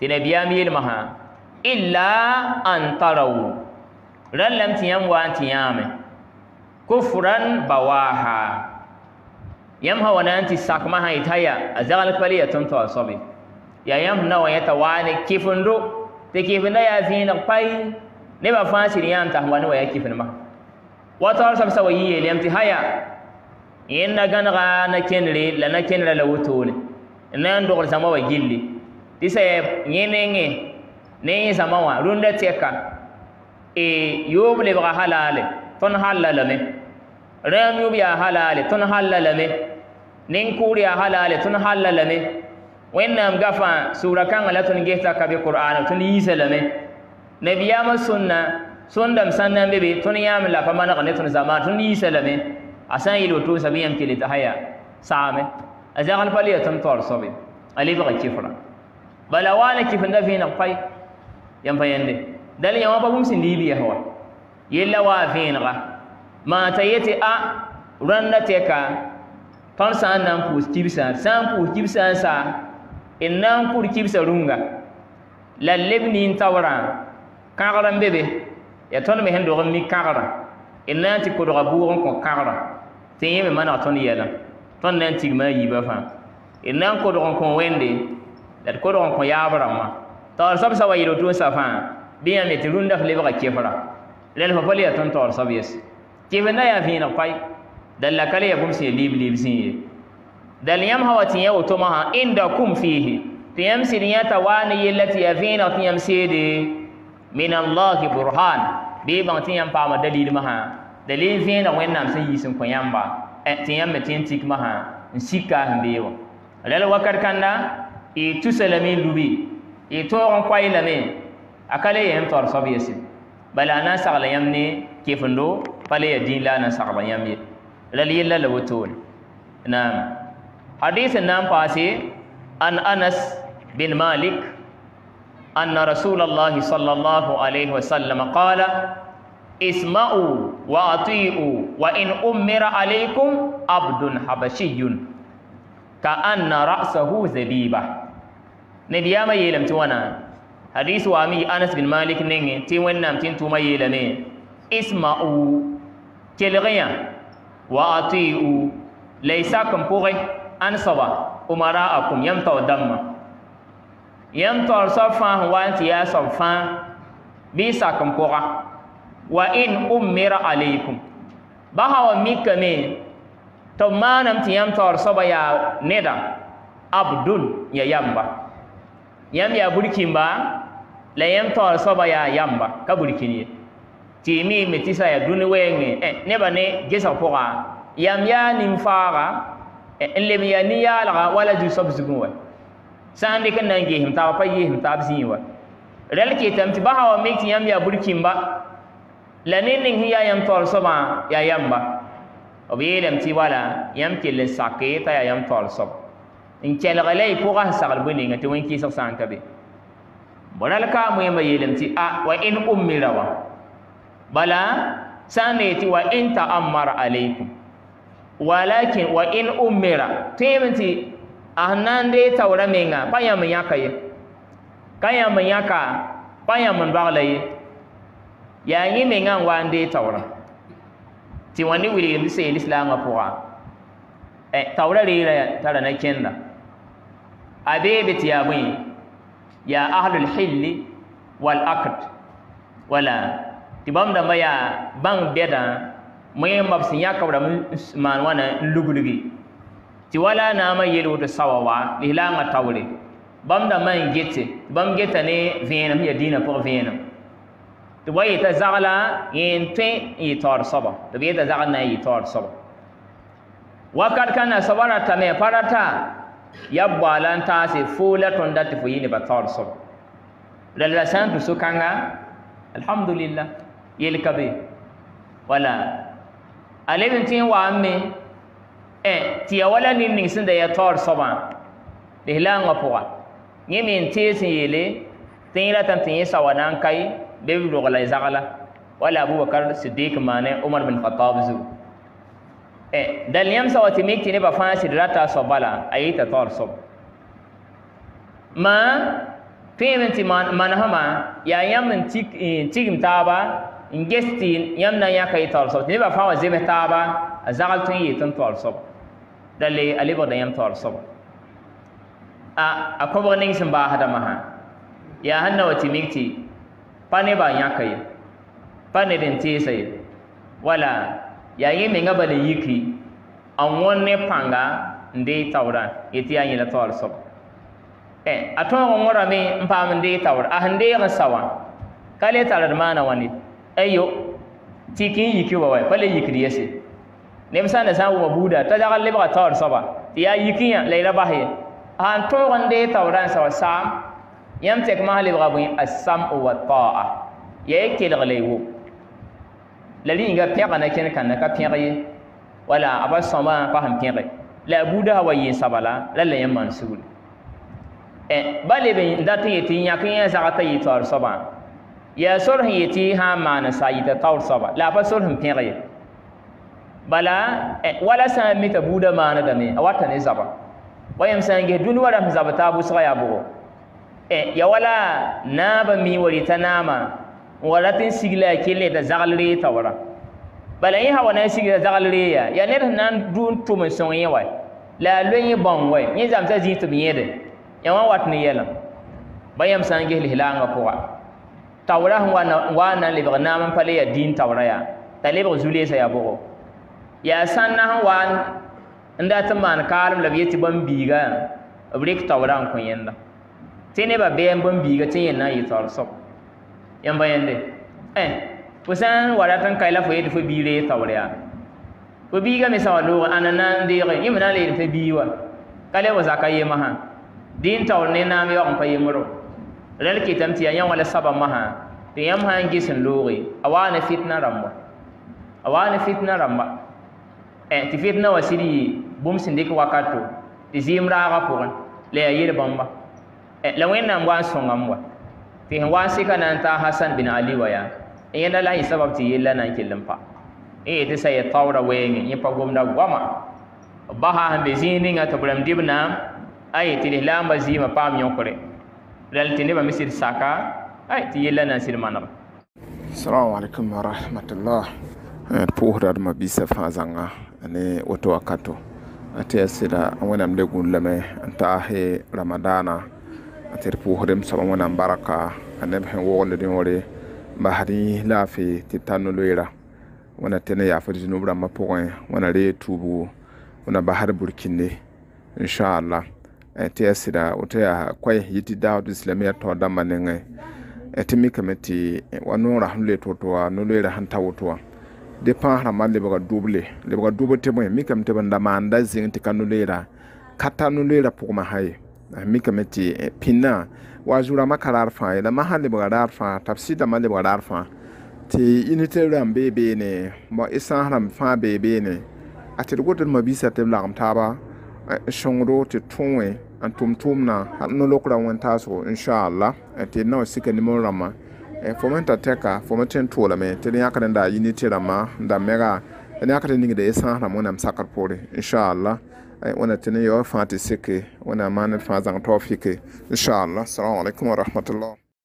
تنا بيامي المها إلا أن تروا رلم تيام وان تيام كفرا بواها يمها وانا انت ساكمها يتايا أزغل قبلية تنتو أصابي يا يم نو يتواني كيفن رو تكيفن دايا فين قبل نبا فانسي ريان تهواني ويا كيفن ما وطار سبسا ويهي اليم تهايا إنا غانا نكين لي لنكين للوتون إنا ندوغل سما وجيلي Dise yenenge ne zamawa runda teka e yob ba halale ton halalame ram yob ya halale ton halalame nin kuri ya halale ton halalame wennam gafa sura kan ala ton geta kabe qur'an ton yisalame ma sunna sundam sannan bebe ton yam la fa mana ne ton zama ton yisalame asan yilo to sabiyam kele ta haya same azagal pali ton tor sobe ali ba kifra bala wala fanda fina pai yan payende dali yan wapa bum sindili ya hawa yella wa finra ma tayete a randa teka pam sa nan ku kibsa san ku kibsa sa innan ku kibsa runga la tawara tawra kagaran bebe ya ton me hendo mi kagara innan ti ko do on ko kagara tin yeme mana ton yela ton nan ti ma yiba fa innan ko do ko wende la d kodg ya kõ yaab rãmbã taoor soab sã wa safan. wotonsa fãa bɩ yãmb me tɩ rũndã f lebga kefra rel fa pa le yaa tõnd taoor soab yes kɩfenda yaa vẽeneg pai dal la ka le ya bũmb sẽn ya liib-liib sẽn ye dal yãmb sã wa tɩ yã wotoma sã ĩndakum fiihi tɩ yãmb sɩd yã t'a waa ne yella tɩ yaa vẽeneg tɩ yãmb seede min allahi burhan bɩ y bãng tɩ yãmb paama dalilmã sã dalil vẽeneg wẽnnaam sẽn yiis yi kõ yãmba eh, tɩ yãmb me tɩ n tikmã sã n sika sẽn beewa rel wakar kanda. y tusa lame lubi y toron kwai lame akale yen tor sobiyesi bala na sagla yamne kefundo pale ya din la na sagla yamye lal yilla la wotol nam hadith nam pase an anas bin malik أن رسول الله صلى الله عليه وسلم قال اسمعوا وأطيعوا وإن أمر عليكم عبد حبشي كأن رأسه زبيبة نديام يلم توانا حديث وامي أنس بن مالك نين تيوان نام تين توما يلمي اسمعوا كالغيا وآتيوا ليساكم بغي أنصوا أمراءكم يمتو دم يمتو صفا وانت يا صفا بيساكم بغا وإن أمر عليكم بها وميك مين تمانم تيمتو صبا يا ندا عبدون يا يمبا yam ya burkimba la yam tor soba ya yamba ka burkini ti mi metisa ya duni wenge eh ne ba ne gesa poga yam ya nimfara en lem ya ni ya la wala ju sob wa sande kan nan him ta pa ye him ta bzi wa rel ke tam ti ba hawa me ti yam ya burkimba la ne ning hiya yam tor soba ya yamba obiyelem ti wala yam ke le saketa ya yam tor soba n kẽlga la y pʋga sẽn sagl bõe ninga tɩ wẽn-kɩɩsg sã n ka be bõ rãl kaa moẽmã tɩ a wa ẽn ummira wã bala sã n nee tɩ wa ẽn ta'ammara alaykum walakin wa ẽn ummira tõeem tɩ a ah, sẽn na n dee taoorã menga pa yãmb n yãka ye ka yãmb n yãka pa yãmb n ye yaa yẽ menga n wa n dee taoorã tɩ wã ne wilgdem tɩ seel islaamã pʋga eh, taoorã reera tara na kẽnda abeɓe tiyaɓoyi ya ahlul hilli wal akd wala tibam da maya bang beda mai mabsin ya kawra yãk b rame n maan wãna n luglgi wala na ma woto sawa wa lislaamã taoore Bam da n gete bam geta ne vena mi dina dĩinã vena to waye ta yeta zag te yẽn tor saba to taoor ta tɩ na yi tor saba soaba wakat kãna soaba ta pa rata yabbo alan taase foola tõnd dat fo yɩ nebã taoor sob rala sã n tɩ so-kãnga alhamdulila yelka be wala a tin n tɩ n wa n me tɩ ya wala nin ning sẽn da ya taoor soabã lislaangã pʋga yẽ me n tees n yeele tɩ yẽ ratame tɩ yẽ sawa na n kae beb rogla zagla wala abubakar siddiq maane umar bin khatab zu. Eh, daliyam sa wati mikti eh, ne ba fãa sɩd rata soaba la a yɩ t'a taoor ma tõeem tɩ manesãma yaa yãmb n tigim taaba n ges tɩ yãmb na n yãka yɩ taoor sob tɩ nebã fãa wa zems taaba a zagl tun n yɩɩ tõnd taoor sob da yam lebgda yãmb a a kõbg ning sẽn baasda masã yaa sẽn na wa tɩ mikti pa nebã n yãka ye pa ned n wala ya yi ninga bala yiki an wonne panga nde tawra yeti ya yila tawar so eh atwa ngora me mpam nde tawra a ah, hande ya sawa kale da mana wani ayo tikin yiki wa wai pale yiki yesi ne bisan da sawu buda ta daga leba tawar ba ya yiki ya laila bahe ah, an to nde tawran sawa sam yam tek mahali ga bu as-sam'u wa ta'a yake da galaiwo لالي إنغا بيغا نكين كان نكا بيغي ولا أبا سوما أبا هم بيغي لا بودا هوا يين سبالا للا يمان سول بالي بين داتي يتي نياكي يزاقتا يتوار سوما يا سوره يتي ها ما نسا يتطور سوما لا أبا سوره هم بيغي بلا ولا سامي بودا ما ندمي أواتني زبا ويم سانجي دونو ورم زبتا بوسغي أبوه يا ولا نابا مي ولتناما walatin sigila kele da zagalre tawara bala yi hawa na sigila zagalre ya ya ne nan dun to mun son yi wai la lon yi ban wai yi zamta ji to mi yede ya wa watni ni yelan bayam san ge hilanga wa tawara wa na wa na le bagna man pale ya din tawara ya tale ba zule sa ya bo ya san na wa nda ta man kalam labiyati ban biga abrik tawara ko yenda tene ba bayan ban biga tene na yi tawar so? bayan dai eh kusan waratan wa rat n kai la fo ya fo biire ko yaa fo biiga me sã wa loogr ãna na n deege yẽ me na n leed biyu wa ka wa zaka yema maha din taoor ne naam yaog n pa yemro rẽl kɩtame yan yaa yã wala saba masã tɩ yãmb sã n ges n looge a waa ne fɩtnã rãmba a waa fitna fɩtnã rãmba eh, ti fɩtnã wa sɩd yɩ bũmb sẽn dɩk wakato tɩ zɩɩm raagã pʋgẽ la yaa yel bãmba eh, la wẽnnaam wa n sõngame wa ti hin wasi kana ta hasan bin ali waya in yana lahi sabab ti yella nan kilin fa in ita sai ya taura wayen in fa gomna gwama baha han be zini ga tabram dibna ay ti lamba ma pam yonkore dal ti ne ba misir saka ai ti yi nan silmanaba assalamu alaikum wa rahmatullah eh, pʋʋsdadmã bisa fãa zãnga ne wato wakato tɩ yaa sɩda wẽnnaam le lame ta taas ramadana tɩ atir puusdem soaba wẽnnaam barka a neb sẽn wogld yõore basd yĩs la tɩ b tar no-loeera wẽna tɩ na yaa zunub rãmbã pʋgẽ wẽna ree tuubgo wẽna basd burkinde inshaallah tɩ yaa sɩda woto yaa koɛ yɩ tɩ daawat islam yaa tao dãmbã nengẽ tɩ mikame tɩ wa noorã sẽn le woto wa no-loeera sẽn ta woto wa dɩ pãas rãmbã lebga doble lebga dob tɩ bõe mikame tɩ bõe la maanda zĩng tɩ ka no-loeera ka ta no-loeera pʋgmã sã ye Eh, mika me tɩ pĩndã wa zu rãmbã ka raar fãa yela masã lebga raar fãa t'a b sɩd dãmbã lebga raar fãa tɩ unité rãmb bee beene bõ y sãas rãmb fãa bee beene a tɩ d got d mabisa tɩ b lagem taaba sõngdo tɩ tõe n tʋm tʋʋmdã nolokra wẽntaasgo inchalla tɩ d na me n ta tɛka fo me tɩ n tʋʋlame tɩ d da mɛga d eh, yãkd n ningda y sãas rãmb wẽnnaam sakr poore inchalla wana tini yo fati sike wana mani fa zang tofike inshallah assalamu alaikum wa rahmatullah